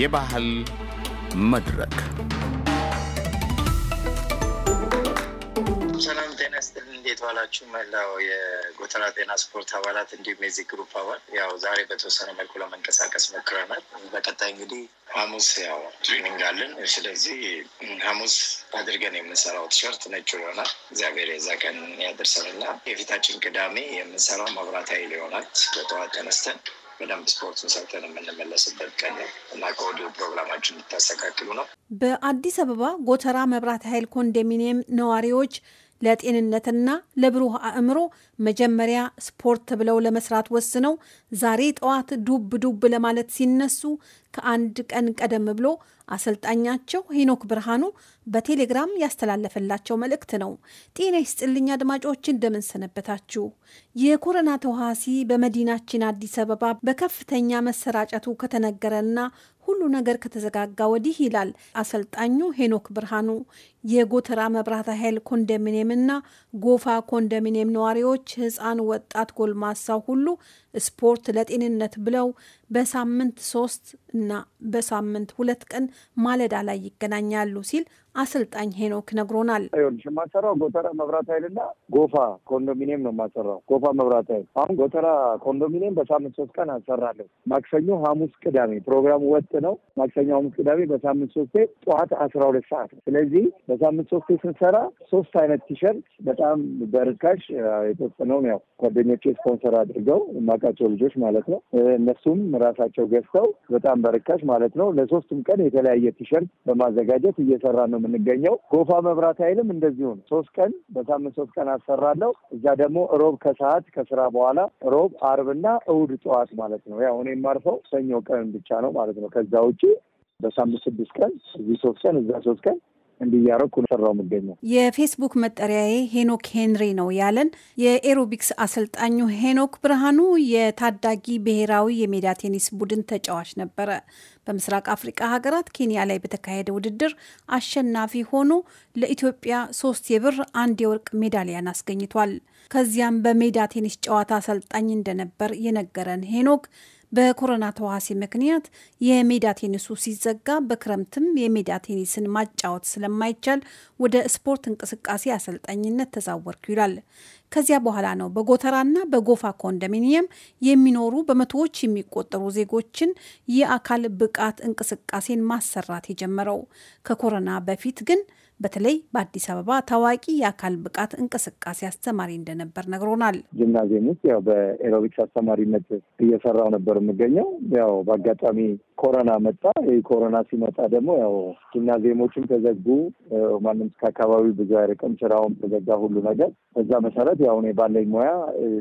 የባህል መድረክ ሰላም ጤና ይስጥልን። እንዴት ዋላችሁ? መላው የጎተራ ጤና ስፖርት አባላት እንዲሁም የዚህ ግሩፕ አባል ያው ዛሬ በተወሰነ መልኩ ለመንቀሳቀስ ሞክረናል። በቀጣይ እንግዲህ ሀሙስ ያው ትሪኒንግ አለን። ስለዚህ ሀሙስ አድርገን የምንሰራው ቲሸርት ነጭ ይሆናል። እግዚአብሔር የዛ ቀን ያደርሰንና የፊታችን ቅዳሜ የምንሰራው መብራት ኃይል ይሆናል። በጠዋት ተነስተን በደንብ ስፖርቱን ሰርተን የምንመለስበት ቀን ነው እና ከወዲሁ ፕሮግራማችን እንድታስተካክሉ ነው። በአዲስ አበባ ጎተራ መብራት ኃይል ኮንዶሚኒየም ነዋሪዎች ለጤንነትና ለብሩህ አእምሮ መጀመሪያ ስፖርት ብለው ለመስራት ወስነው ዛሬ ጠዋት ዱብ ዱብ ለማለት ሲነሱ ከአንድ ቀን ቀደም ብሎ አሰልጣኛቸው ሄኖክ ብርሃኑ በቴሌግራም ያስተላለፈላቸው መልእክት ነው። ጤና ይስጥልኝ አድማጮች፣ እንደምንሰነበታችሁ። የኮሮና ተዋሲ በመዲናችን አዲስ አበባ በከፍተኛ መሰራጨቱ ከተነገረና ሁሉ ነገር ከተዘጋጋ ወዲህ ይላል አሰልጣኙ ሄኖክ ብርሃኑ። የጎተራ መብራት ኃይል ኮንዶሚኒየምና ጎፋ ኮንዶሚኒየም ነዋሪዎች ህፃን ወጣት፣ ጎልማሳው ሁሉ ስፖርት ለጤንነት ብለው በሳምንት ሶስት እና በሳምንት ሁለት ቀን ማለዳ ላይ ይገናኛሉ ሲል አሰልጣኝ ሄኖክ ነግሮናል። ይኸውልሽ የማሰራው ጎተራ መብራት ኃይልና ጎፋ ኮንዶሚኒየም ነው የማሰራው። ጎፋ መብራት ኃይል አሁን ጎተራ ኮንዶሚኒየም በሳምንት ሶስት ቀን አሰራለሁ። ማክሰኞ፣ ሐሙስ፣ ቅዳሜ ፕሮግራሙ ወጥ ነው። ማክሰኞ፣ ሐሙስ፣ ቅዳሜ በሳምንት ሶስቴ ጠዋት አስራ ሁለት ሰዓት ስለዚህ በሳምንት ሶስቴ ስንሰራ ሶስት አይነት ቲሸርት በጣም በርካሽ የተወሰነውን ያው ጓደኞቼ ስፖንሰር አድርገው የማውቃቸው ልጆች ማለት ነው እነሱም ራሳቸው ገዝተው በጣም በርካሽ ማለት ነው ለሶስቱም ቀን የተለያየ ቲሸርት በማዘጋጀት እየሰራ ነው የምንገኘው። ጎፋ መብራት ኃይልም እንደዚሁ ነው። ሶስት ቀን በሳምንት ሶስት ቀን አሰራለሁ። እዛ ደግሞ ሮብ ከሰዓት ከስራ በኋላ ሮብ፣ አርብና እሑድ ጠዋት ማለት ነው። ያው እኔ የማርፈው ሰኞ ቀን ብቻ ነው ማለት ነው። ከዛ ውጭ በሳምንት ስድስት ቀን እዚህ ሶስት ቀን እዛ ሶስት ቀን እንዲያረኩ ሰራው የምገኘው የፌስቡክ መጠሪያዬ ሄኖክ ሄንሪ ነው ያለን የኤሮቢክስ አሰልጣኙ ሄኖክ ብርሃኑ የታዳጊ ብሔራዊ የሜዳ ቴኒስ ቡድን ተጫዋች ነበረ። በምስራቅ አፍሪቃ ሀገራት ኬንያ ላይ በተካሄደ ውድድር አሸናፊ ሆኖ ለኢትዮጵያ ሶስት የብር አንድ የወርቅ ሜዳሊያን አስገኝቷል። ከዚያም በሜዳ ቴኒስ ጨዋታ አሰልጣኝ እንደነበር የነገረን ሄኖክ በኮሮና ተዋሲ ምክንያት የሜዳ ቴኒሱ ሲዘጋ በክረምትም የሜዳ ቴኒስን ማጫወት ስለማይቻል ወደ ስፖርት እንቅስቃሴ አሰልጣኝነት ተዛወርኩ ይላል። ከዚያ በኋላ ነው በጎተራና በጎፋ ኮንዶሚኒየም የሚኖሩ በመቶዎች የሚቆጠሩ ዜጎችን የአካል ብቃት እንቅስቃሴን ማሰራት የጀመረው። ከኮሮና በፊት ግን በተለይ በአዲስ አበባ ታዋቂ የአካል ብቃት እንቅስቃሴ አስተማሪ እንደነበር ነግሮናል። ጂምናዚየም ውስጥ ያው በኤሮቢክስ አስተማሪነት እየሰራው ነበር የምገኘው። ያው በአጋጣሚ ኮሮና መጣ። ይህ ኮሮና ሲመጣ ደግሞ ያው ጂምናዚየሞችም ተዘጉ። ማንም ከአካባቢ ብዙ አይርቅም፣ ስራውም ተዘጋ፣ ሁሉ ነገር። በዛ መሰረት ያው እኔ ባለኝ ሙያ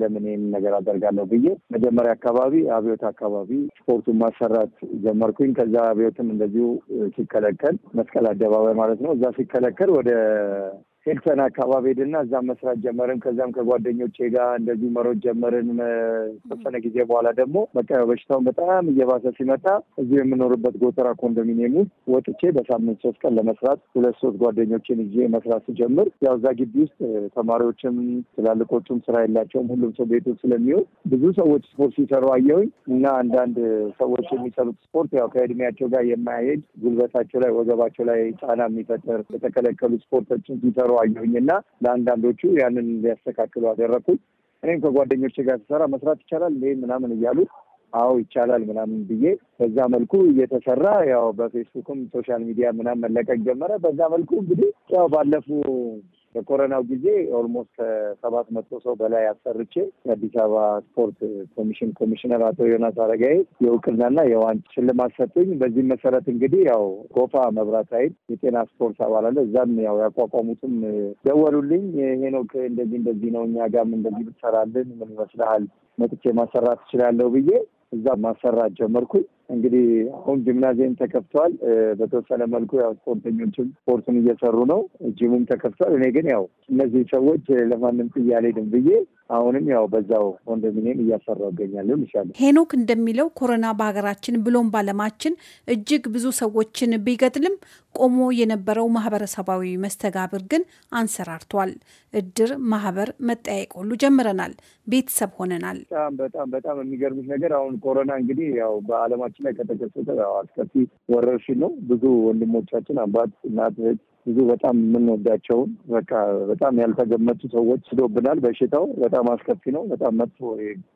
ለምን ይህን ነገር አደርጋለሁ ብዬ መጀመሪያ አካባቢ አብዮት አካባቢ ስፖርቱን ማሰራት ጀመርኩኝ። ከዛ አብዮትም እንደዚሁ ሲከለከል መስቀል አደባባይ ማለት ነው እዛ ሲከለከል ወደ ሄልተን አካባቢ ሄድና እዛም መስራት ጀመርን። ከዛም ከጓደኞቼ ጋር እንደዚሁ መሮጥ ጀመርን። ተወሰነ ጊዜ በኋላ ደግሞ በቃ በሽታውን በጣም እየባሰ ሲመጣ እዚሁ የምኖርበት ጎተራ ኮንዶሚኒየም ውስጥ ወጥቼ በሳምንት ሶስት ቀን ለመስራት ሁለት ሶስት ጓደኞችን ይዤ መስራት ስጀምር ያው እዛ ግቢ ውስጥ ተማሪዎችም ትላልቆቹም ስራ የላቸውም። ሁሉም ሰው ቤቱ ስለሚሆን ብዙ ሰዎች ስፖርት ሲሰሩ አየሁኝ እና አንዳንድ ሰዎች የሚሰሩት ስፖርት ያው ከእድሜያቸው ጋር የማያሄድ ጉልበታቸው ላይ ወገባቸው ላይ ጫና የሚፈጠር የተከለከሉ ስፖርቶችን ሲሰሩ ሲሰሩ አየሁኝና ለአንዳንዶቹ ያንን እንዲያስተካክሉ አደረግኩኝ። እኔም ከጓደኞቼ ጋር ስሰራ መስራት ይቻላል ይህ ምናምን እያሉ አዎ ይቻላል ምናምን ብዬ በዛ መልኩ እየተሰራ ያው በፌስቡክም ሶሻል ሚዲያ ምናምን መለቀቅ ጀመረ። በዛ መልኩ እንግዲህ ያው ባለፉ በኮረናው ጊዜ ኦልሞስት ከሰባት መቶ ሰው በላይ አሰርቼ የአዲስ አበባ ስፖርት ኮሚሽን ኮሚሽነር አቶ ዮናስ አረጋይ የእውቅናና የዋን ሽልማት ሰጡኝ። በዚህ መሰረት እንግዲህ ያው ጎፋ መብራት ኃይል የጤና ስፖርት አባል አለ። እዛም ያው ያቋቋሙትም ደወሉልኝ። ሄኖክ እንደዚህ እንደዚህ ነው፣ እኛ ጋም እንደዚህ ብትሰራልን ምን ይመስልሃል? መጥቼ ማሰራት ትችላለሁ ብዬ እዛ ማሰራት ጀመርኩኝ። እንግዲህ አሁን ጂምናዚየም ተከፍቷል። በተወሰነ መልኩ ያው ስፖርተኞችም ስፖርቱን እየሰሩ ነው። ጂሙም ተከፍቷል። እኔ ግን ያው እነዚህ ሰዎች ለማንም ጥያሌ አልሄድም ብዬ አሁንም ያው በዛው ኮንዶሚኒየም እያሰራው ይገኛል ይሻለ ሄኖክ እንደሚለው ኮሮና በሀገራችን ብሎም ባለማችን እጅግ ብዙ ሰዎችን ቢገድልም ቆሞ የነበረው ማህበረሰባዊ መስተጋብር ግን አንሰራርቷል። እድር፣ ማህበር፣ መጠያየቅ ሁሉ ጀምረናል። ቤተሰብ ሆነናል። በጣም በጣም በጣም የሚገርምሽ ነገር አሁን ኮሮና እንግዲህ ያው በዓለማችን ላይ ከተከሰተ አስከፊ ወረርሽኝ ነው። ብዙ ወንድሞቻችን አባት፣ እናት፣ እህት ብዙ በጣም የምንወዳቸውን በቃ በጣም ያልተገመቱ ሰዎች ስዶብናል። በሽታው በጣም አስከፊ ነው። በጣም መጥፎ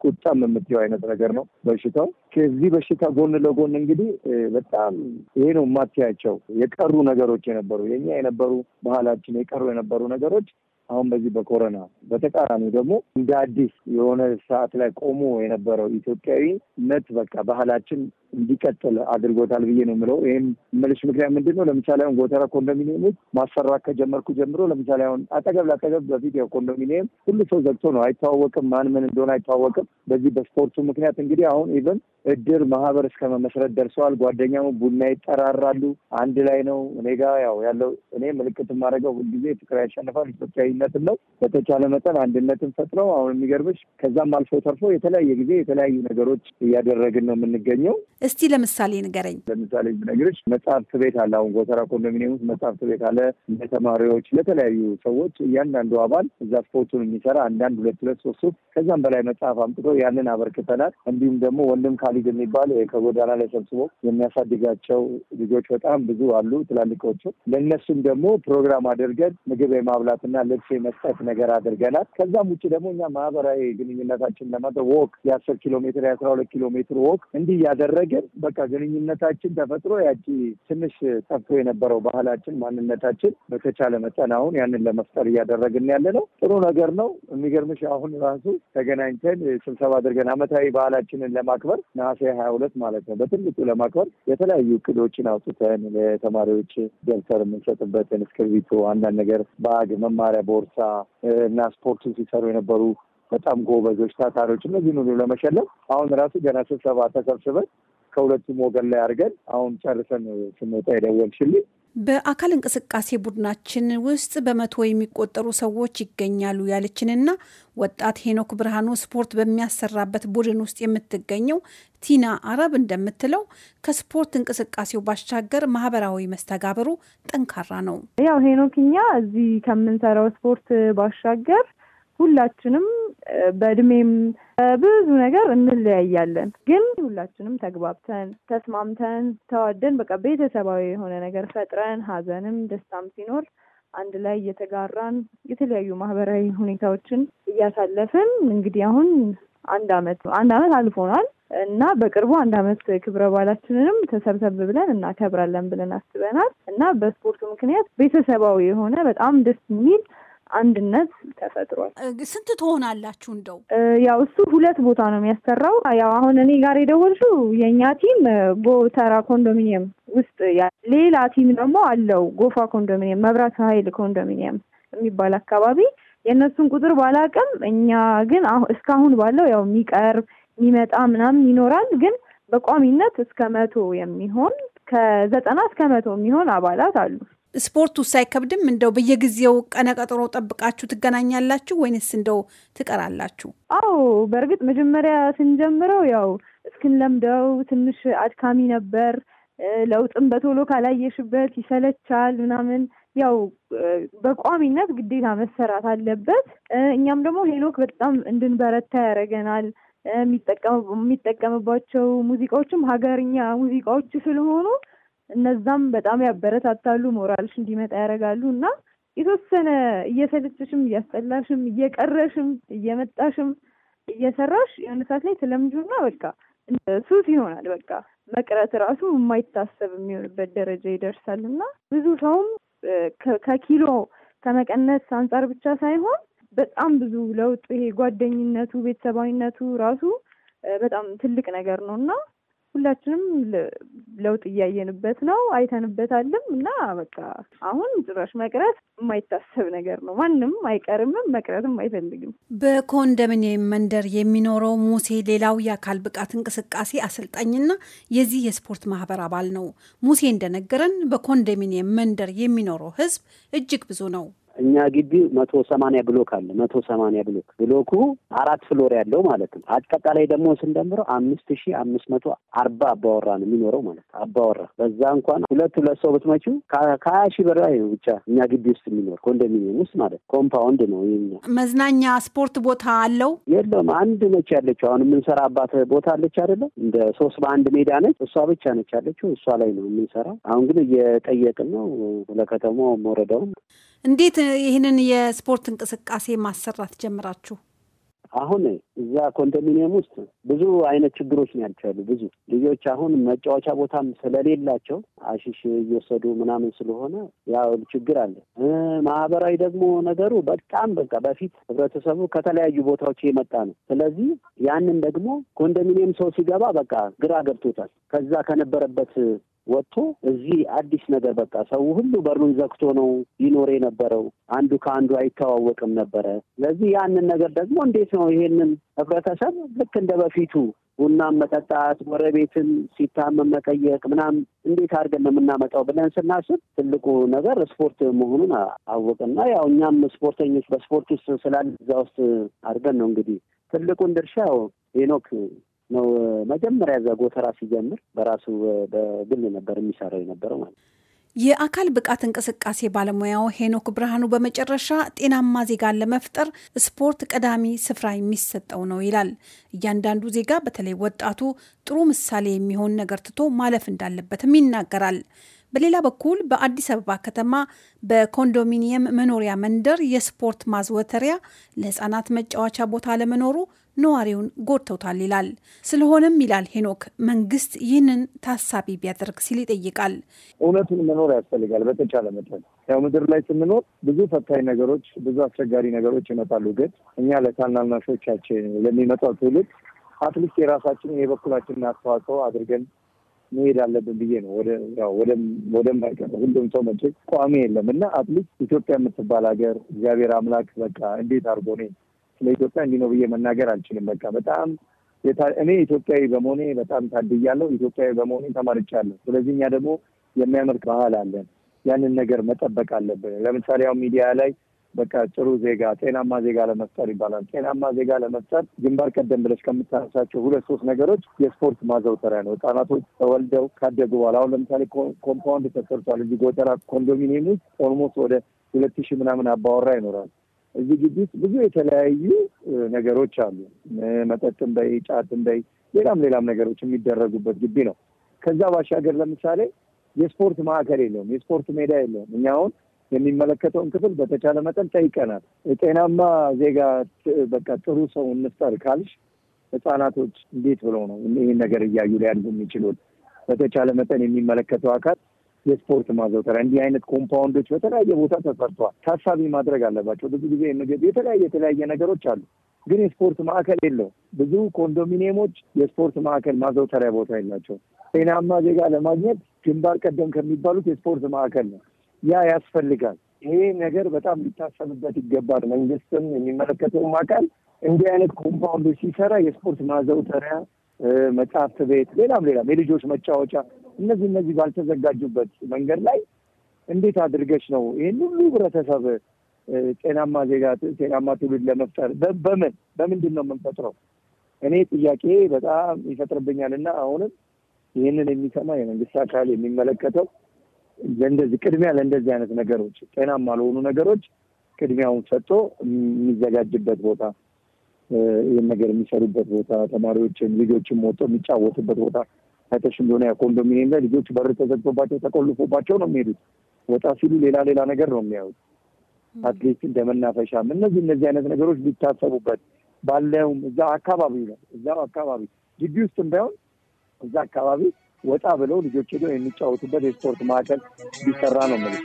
ቁጣም የምትየው አይነት ነገር ነው በሽታው። ከዚህ በሽታ ጎን ለጎን እንግዲህ በጣም ይሄ ነው የማትያቸው የቀሩ ነገሮች የነበሩ የኛ የነበሩ ባህላችን የቀሩ የነበሩ ነገሮች አሁን በዚህ በኮሮና በተቃራኒ ደግሞ እንደ አዲስ የሆነ ሰዓት ላይ ቆሞ የነበረው ኢትዮጵያዊነት በቃ ባህላችን እንዲቀጥል አድርጎታል ብዬ ነው የምለው። ይህም የምልሽ ምክንያት ምንድን ነው? ለምሳሌ አሁን ጎተራ ኮንዶሚኒየሞች ማሰራት ከጀመርኩ ጀምሮ ለምሳሌ አሁን አጠገብ ለአጠገብ በፊት ያው ኮንዶሚኒየም ሁሉ ሰው ዘግቶ ነው አይተዋወቅም ማን ምን እንደሆነ አይተዋወቅም። በዚህ በስፖርቱ ምክንያት እንግዲህ አሁን ኢቨን እድር ማህበር እስከ መመስረት ደርሰዋል። ጓደኛው ቡና ይጠራራሉ፣ አንድ ላይ ነው። እኔ ጋ ያው ያለው እኔ ምልክት ማድረገው ሁልጊዜ ፍቅር ያሸንፋል ኢትዮጵያዊነትን ነው። በተቻለ መጠን አንድነትን ፈጥረው አሁን የሚገርምሽ ከዛም አልፎ ተርፎ የተለያየ ጊዜ የተለያዩ ነገሮች እያደረግን ነው የምንገኘው። እስቲ ለምሳሌ ንገረኝ። ለምሳሌ ብነግርሽ መጽሐፍት ቤት አለ። አሁን ጎተራ ኮንዶሚኒየም ውስጥ መጽሐፍት ቤት አለ። ለተማሪዎች ለተለያዩ ሰዎች እያንዳንዱ አባል እዛ ስፖርቱን የሚሰራ አንዳንድ ሁለት ሁለት ሶስት ሶስት ከዛም በላይ መጽሐፍ አምጥቶ ያንን አበርክተናል። እንዲሁም ደግሞ ወንድም ካሊድ የሚባል ከጎዳና ላይ ሰብስቦ የሚያሳድጋቸው ልጆች በጣም ብዙ አሉ፣ ትላልቆቹ ለእነሱም ደግሞ ፕሮግራም አድርገን ምግብ የማብላትና ልብስ የመስጠት ነገር አድርገናል። ከዛም ውጭ ደግሞ እኛ ማህበራዊ ግንኙነታችን ለማድረግ ወክ የአስር ኪሎ ሜትር የአስራ ሁለት ኪሎ ሜትር ወክ እንዲህ እያደረግ ግን በቃ ግንኙነታችን ተፈጥሮ ያቺ ትንሽ ጠፍቶ የነበረው ባህላችን፣ ማንነታችን በተቻለ መጠን አሁን ያንን ለመፍጠር እያደረግን ያለ ነው። ጥሩ ነገር ነው። የሚገርምሽ አሁን ራሱ ተገናኝተን ስብሰባ አድርገን አመታዊ ባህላችንን ለማክበር ነሐሴ ሀያ ሁለት ማለት ነው በትልቁ ለማክበር የተለያዩ እቅዶችን አውጥተን ለተማሪዎች ደብተር የምንሰጥበትን እስክርቢቶ፣ አንዳንድ ነገር ባግ፣ መማሪያ ቦርሳ እና ስፖርቱን ሲሰሩ የነበሩ በጣም ጎበዞች ታታሪዎች እነዚህን ሁሉ ለመሸለም አሁን ራሱ ገና ስብሰባ ተሰብስበን ከሁለቱም ወገን ላይ አድርገን አሁን ጨርሰን ስንወጣ የደወልሽልኝ በአካል እንቅስቃሴ ቡድናችን ውስጥ በመቶ የሚቆጠሩ ሰዎች ይገኛሉ ያለችንና ወጣት ሄኖክ ብርሃኑ ስፖርት በሚያሰራበት ቡድን ውስጥ የምትገኘው ቲና አረብ እንደምትለው ከስፖርት እንቅስቃሴው ባሻገር ማህበራዊ መስተጋብሩ ጠንካራ ነው። ያው ሄኖክ እኛ እዚህ ከምንሰራው ስፖርት ባሻገር ሁላችንም በእድሜም ብዙ ነገር እንለያያለን። ግን ሁላችንም ተግባብተን ተስማምተን ተዋደን በቃ ቤተሰባዊ የሆነ ነገር ፈጥረን ሀዘንም ደስታም ሲኖር አንድ ላይ እየተጋራን የተለያዩ ማህበራዊ ሁኔታዎችን እያሳለፍን እንግዲህ አሁን አንድ አመት አንድ አመት አልፎናል እና በቅርቡ አንድ አመት ክብረ በዓላችንንም ተሰብሰብ ብለን እናከብራለን ብለን አስበናል እና በስፖርቱ ምክንያት ቤተሰባዊ የሆነ በጣም ደስ የሚል አንድነት ተፈጥሯል። ስንት ትሆናላችሁ? እንደው ያው እሱ ሁለት ቦታ ነው የሚያሰራው። ያው አሁን እኔ ጋር የደወልሽው የእኛ ቲም ጎተራ ኮንዶሚኒየም ውስጥ ሌላ ቲም ደግሞ አለው ጎፋ ኮንዶሚኒየም፣ መብራት ኃይል ኮንዶሚኒየም የሚባል አካባቢ የእነሱን ቁጥር ባላቅም እኛ ግን እስካሁን ባለው ያው የሚቀርብ የሚመጣ ምናምን ይኖራል። ግን በቋሚነት እስከ መቶ የሚሆን ከዘጠና እስከ መቶ የሚሆን አባላት አሉ። ስፖርቱ ሳይከብድም እንደው በየጊዜው ቀነቀጠሮ ጠብቃችሁ ትገናኛላችሁ ወይንስ እንደው ትቀራላችሁ? አዎ በእርግጥ መጀመሪያ ስንጀምረው ያው እስክንለምደው ትንሽ አድካሚ ነበር። ለውጥም በቶሎ ካላየሽበት ይሰለቻል ምናምን ያው በቋሚነት ግዴታ መሰራት አለበት። እኛም ደግሞ ሄኖክ በጣም እንድንበረታ ያደርገናል። የሚጠቀምባቸው ሙዚቃዎችም ሀገርኛ ሙዚቃዎች ስለሆኑ እነዛም በጣም ያበረታታሉ፣ ሞራልሽ እንዲመጣ ያደርጋሉ እና የተወሰነ እየሰለችሽም እያስጠላሽም እየቀረሽም እየመጣሽም እየሰራሽ የሆነ ሰዓት ላይ ተለምጁና በቃ ሱስ ይሆናል። በቃ መቅረት ራሱ የማይታሰብ የሚሆንበት ደረጃ ይደርሳል እና ብዙ ሰውም ከኪሎ ከመቀነስ አንጻር ብቻ ሳይሆን በጣም ብዙ ለውጥ ይሄ ጓደኝነቱ፣ ቤተሰባዊነቱ ራሱ በጣም ትልቅ ነገር ነው እና ሁላችንም ለውጥ እያየንበት ነው፣ አይተንበታልም እና በቃ አሁን ጭራሽ መቅረት የማይታሰብ ነገር ነው። ማንም አይቀርምም፣ መቅረትም አይፈልግም። በኮንዶሚኒየም መንደር የሚኖረው ሙሴ ሌላው የአካል ብቃት እንቅስቃሴ አሰልጣኝና የዚህ የስፖርት ማህበር አባል ነው። ሙሴ እንደነገረን በኮንዶሚኒየም መንደር የሚኖረው ህዝብ እጅግ ብዙ ነው። እኛ ግቢ መቶ ሰማንያ ብሎክ አለ። መቶ ሰማንያ ብሎክ ብሎኩ አራት ፍሎር ያለው ማለት ነው። አጠቃላይ ደግሞ ስንደምረው አምስት ሺ አምስት መቶ አርባ አባወራ ነው የሚኖረው ማለት ነው። አባወራ በዛ እንኳን ሁለት ሁለት ሰው ብትመችው ከሀያ ሺህ በላይ ብቻ እኛ ግቢ ውስጥ የሚኖር ኮንዶሚኒየም ውስጥ ማለት ኮምፓውንድ ነው። ይኛ መዝናኛ ስፖርት ቦታ አለው የለውም። አንድ ነች ያለችው አሁን የምንሰራባት ቦታ አለች አይደለ? እንደ ሶስት በአንድ ሜዳ ነች። እሷ ብቻ ነች ያለችው። እሷ ላይ ነው የምንሰራው። አሁን ግን እየጠየቅን ነው ለከተማው ወረዳውም እንዴት ይህንን የስፖርት እንቅስቃሴ ማሰራት ጀምራችሁ? አሁን እዛ ኮንዶሚኒየም ውስጥ ብዙ አይነት ችግሮች ነው ብዙ ልጆች አሁን መጫወቻ ቦታም ስለሌላቸው አሽሽ እየወሰዱ ምናምን ስለሆነ ያው ችግር አለ። ማህበራዊ ደግሞ ነገሩ በጣም በቃ በፊት ህብረተሰቡ ከተለያዩ ቦታዎች የመጣ ነው። ስለዚህ ያንን ደግሞ ኮንዶሚኒየም ሰው ሲገባ በቃ ግራ ገብቶታል። ከዛ ከነበረበት ወጥቶ እዚህ አዲስ ነገር በቃ ሰው ሁሉ በሩን ዘግቶ ነው ይኖር የነበረው። አንዱ ከአንዱ አይተዋወቅም ነበረ። ስለዚህ ያንን ነገር ደግሞ እንዴት ነው ይሄንን ህብረተሰብ ልክ እንደ በፊቱ ቡናም መጠጣት፣ ጎረቤትን ሲታመም መጠየቅ ምናምን እንዴት አድርገን የምናመጣው ብለን ስናስብ ትልቁ ነገር ስፖርት መሆኑን አወቅና ያው እኛም ስፖርተኞች በስፖርት ውስጥ ስላለ እዛ ውስጥ አድርገን ነው እንግዲህ ትልቁን ድርሻ ሄኖክ ነው መጀመሪያ እዛ ጎተራ ሲጀምር በራሱ በግል ነበር የሚሰራው የነበረው ማለት ነው። የአካል ብቃት እንቅስቃሴ ባለሙያው ሄኖክ ብርሃኑ በመጨረሻ ጤናማ ዜጋን ለመፍጠር ስፖርት ቀዳሚ ስፍራ የሚሰጠው ነው ይላል። እያንዳንዱ ዜጋ በተለይ ወጣቱ ጥሩ ምሳሌ የሚሆን ነገር ትቶ ማለፍ እንዳለበትም ይናገራል። በሌላ በኩል በአዲስ አበባ ከተማ በኮንዶሚኒየም መኖሪያ መንደር የስፖርት ማዘወተሪያ ለሕፃናት መጫወቻ ቦታ ለመኖሩ ነዋሪውን ጎድተውታል ይላል። ስለሆነም ይላል ሄኖክ መንግስት ይህንን ታሳቢ ቢያደርግ ሲል ይጠይቃል። እውነቱን መኖር ያስፈልጋል። በተቻለ መጠን ያው ምድር ላይ ስንኖር ብዙ ፈታኝ ነገሮች፣ ብዙ አስቸጋሪ ነገሮች ይመጣሉ። ግን እኛ ለታናናሾቻችን ለሚመጣው ትውልድ አትሊስት የራሳችንን የበኩላችንን አስተዋጽኦ አድርገን መሄድ አለብን ብዬ ነው። ወደም ባይቀር ሁሉም ሰው መቼ ቋሚ የለም እና አትሊስት ኢትዮጵያ የምትባል ሀገር እግዚአብሔር አምላክ በቃ እንዴት አድርጎ ነው ለኢትዮጵያ እንዲህ ነው ብዬ መናገር አልችልም። በቃ በጣም እኔ ኢትዮጵያዊ በመሆኔ በጣም ታድያለሁ። ኢትዮጵያዊ በመሆኔ ተማርቻለሁ። ስለዚህ እኛ ደግሞ የሚያመልክ ባህል አለን። ያንን ነገር መጠበቅ አለብን። ለምሳሌ ያው ሚዲያ ላይ በቃ ጥሩ ዜጋ፣ ጤናማ ዜጋ ለመፍጠር ይባላል። ጤናማ ዜጋ ለመፍጠር ግንባር ቀደም ብለሽ ከምታነሳቸው ሁለት ሶስት ነገሮች የስፖርት ማዘውተሪያ ነው። ህጻናቶች ተወልደው ካደጉ በኋላ አሁን ለምሳሌ ኮምፓውንድ ተሰርቷል። እዚህ ጎተራ ኮንዶሚኒየም ውስጥ ኦልሞስት ወደ ሁለት ሺህ ምናምን አባወራ ይኖራል። እዚህ ግቢ ውስጥ ብዙ የተለያዩ ነገሮች አሉ። መጠጥም በይ ጫትም በይ ሌላም ሌላም ነገሮች የሚደረጉበት ግቢ ነው። ከዛ ባሻገር ለምሳሌ የስፖርት ማዕከል የለውም፣ የስፖርት ሜዳ የለውም። እኛ አሁን የሚመለከተውን ክፍል በተቻለ መጠን ጠይቀናል። ጤናማ ዜጋ በቃ ጥሩ ሰው እንፍጠር ካልሽ ህጻናቶች እንዴት ብለው ነው ይህን ነገር እያዩ ሊያድጉ የሚችሉት? በተቻለ መጠን የሚመለከተው አካል የስፖርት ማዘውተሪያ እንዲህ አይነት ኮምፓውንዶች በተለያየ ቦታ ተሰርተዋል። ታሳቢ ማድረግ አለባቸው። ብዙ ጊዜ ምግብ የተለያየ የተለያየ ነገሮች አሉ፣ ግን የስፖርት ማዕከል የለው። ብዙ ኮንዶሚኒየሞች የስፖርት ማዕከል ማዘውተሪያ ቦታ የላቸው። ጤናማ ዜጋ ለማግኘት ግንባር ቀደም ከሚባሉት የስፖርት ማዕከል ነው። ያ ያስፈልጋል። ይሄ ነገር በጣም ሊታሰብበት ይገባል። መንግስትም የሚመለከተውም አካል እንዲህ አይነት ኮምፓውንዶች ሲሰራ የስፖርት ማዘውተሪያ መጽሐፍት ቤት፣ ሌላም ሌላም የልጆች መጫወቻ እነዚህ እነዚህ ባልተዘጋጁበት መንገድ ላይ እንዴት አድርገች ነው ይህን ሁሉ ህብረተሰብ ጤናማ ዜጋ ጤናማ ትውልድ ለመፍጠር በምን በምንድን ነው የምንፈጥረው? እኔ ጥያቄ በጣም ይፈጥርብኛል እና አሁንም ይህንን የሚሰማ የመንግስት አካል የሚመለከተው ለእንደዚህ ቅድሚያ ለእንደዚህ አይነት ነገሮች ጤናማ ለሆኑ ነገሮች ቅድሚያውን ሰጥቶ የሚዘጋጅበት ቦታ ይህን ነገር የሚሰሩበት ቦታ ተማሪዎችም ልጆችም ወጥቶ የሚጫወቱበት ቦታ አይተሽ እንደሆነ ያ ኮንዶሚኒየም ላይ ልጆች በር ተዘግቶባቸው ተቆልፎባቸው ነው የሚሄዱት። ወጣ ሲሉ ሌላ ሌላ ነገር ነው የሚያዩት። አትሊስት እንደ መናፈሻም እነዚህ እነዚህ አይነት ነገሮች ቢታሰቡበት ባለውም እዛ አካባቢ ነው እዛው አካባቢ ግቢ ውስጥም ባይሆን እዛ አካባቢ ወጣ ብለው ልጆች ሄደው የሚጫወቱበት የስፖርት ማዕከል ቢሰራ ነው የምልህ።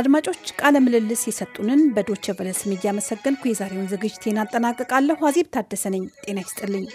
አድማጮች ቃለ ምልልስ የሰጡንን በዶቸ በለ ስም እያመሰገንኩ የዛሬውን ዝግጅቴን አጠናቀቃለሁ አዜብ ታደሰ ነኝ። ጤና ይስጥልኝ።